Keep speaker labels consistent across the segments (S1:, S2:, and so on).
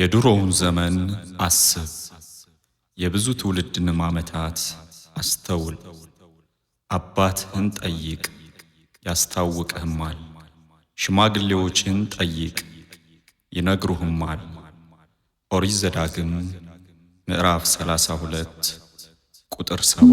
S1: የድሮውን ዘመን አስብ፣ የብዙ ትውልድንም ዓመታት አስተውል። አባትህን ጠይቅ ያስታውቅህማል፣ ሽማግሌዎችን ጠይቅ ይነግሩህማል። ኦሪት ዘዳግም ምዕራፍ 32 ቁጥር 7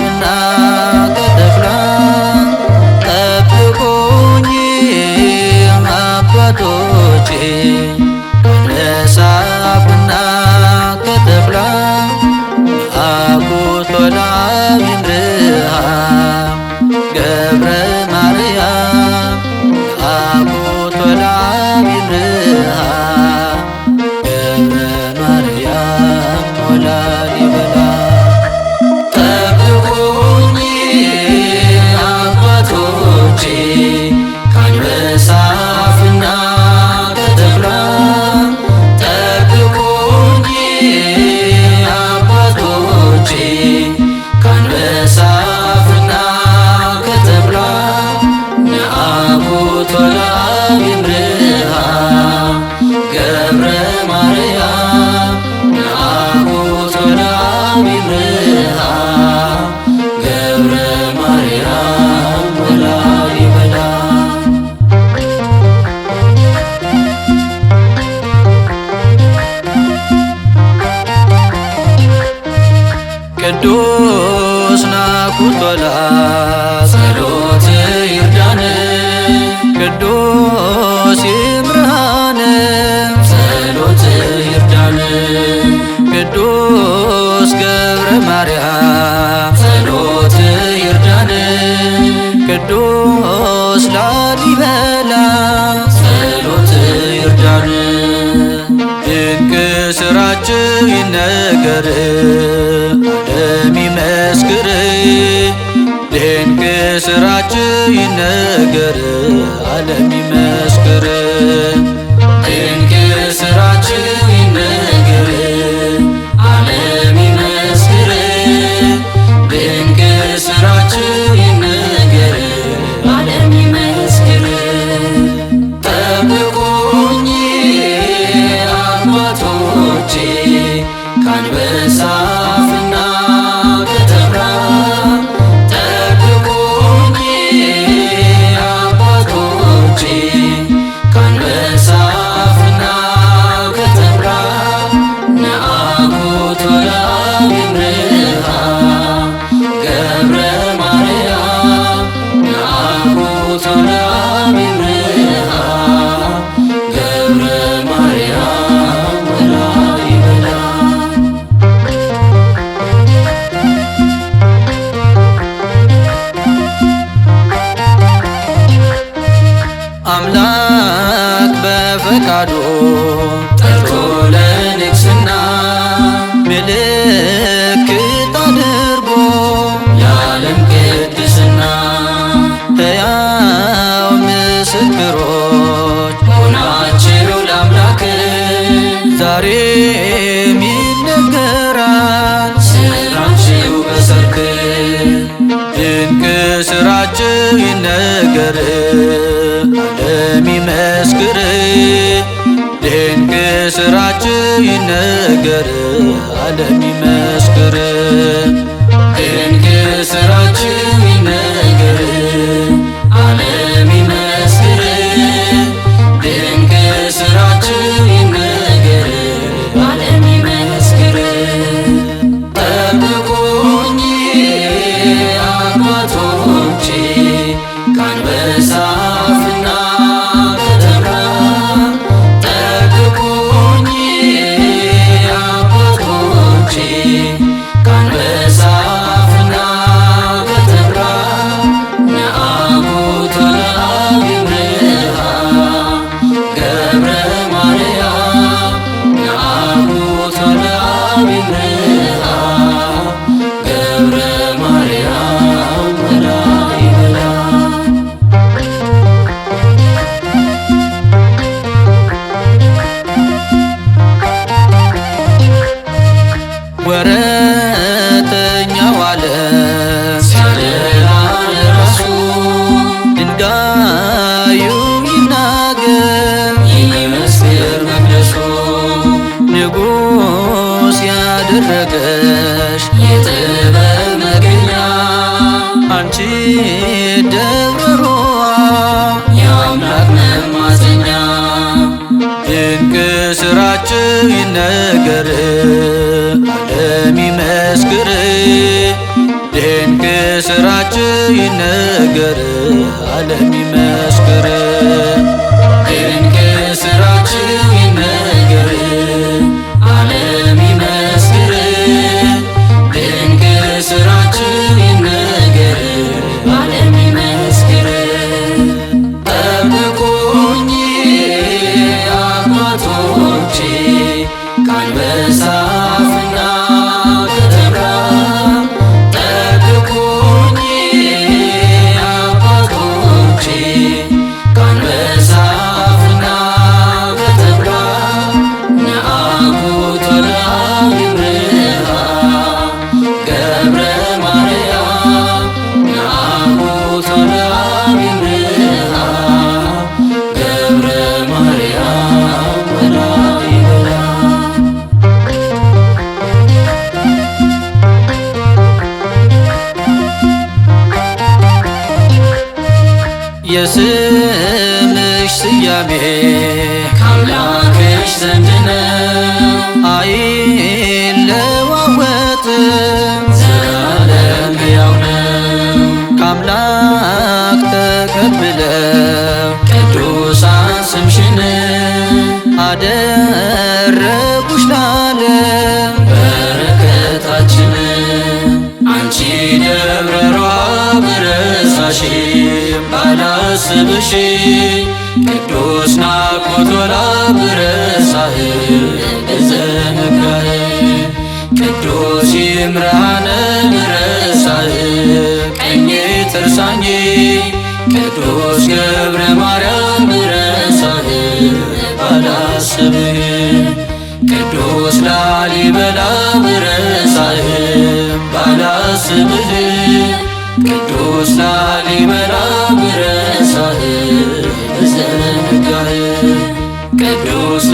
S2: ቅዱስ ናኩቶ
S3: ጸሎት ይርዳን
S2: ቅዱስ ይምርሃን
S3: ጸሎት ይርዳን
S2: ቅዱስ ገብረ ማርያም
S3: ጸሎት ይርዳን
S2: ቅዱስ ላሊበላ
S3: ጸሎት ይርዳን
S2: ድንቅ ስራችን ይነገር ስራችን ይነገር ዓለም ይመስ አምላክ በፈቃዱ
S3: ጠርቶ ለንግስና
S2: ምልክት አድርጎ
S3: የዓለም ቅድስና
S2: ሕያው ምስክሮች
S3: ሆናችሁ ለአምላክ
S2: ዛሬ መስክር፣ ድንቅ ስራች ይነገር፣ ዓለም ይመስክር። ይነገር ዓለም ድንቅ ስራች ይነገር የስምሽ ስያሜ
S3: ካምላክሽ ዘንድ ነው
S2: አይለዋወጥም
S3: ዘላለም ሕያው ነው።
S2: ካምላክ ተቀብለው
S3: ቅዱሳን ስምሽን
S2: አደረጉሽ ለዓለም
S3: በረከታችን
S2: አንቺ ደብረ በደስታሽ ባላስብሽ ቅዱስ ናፍቆት ብረሳህ በዘመካህ ቅዱስ ይምራነ ብረሳህ ቀኜ ትርሳኝ ቅዱስ ቅዱስ ላሊበላ ብረሳህ ቅዱስ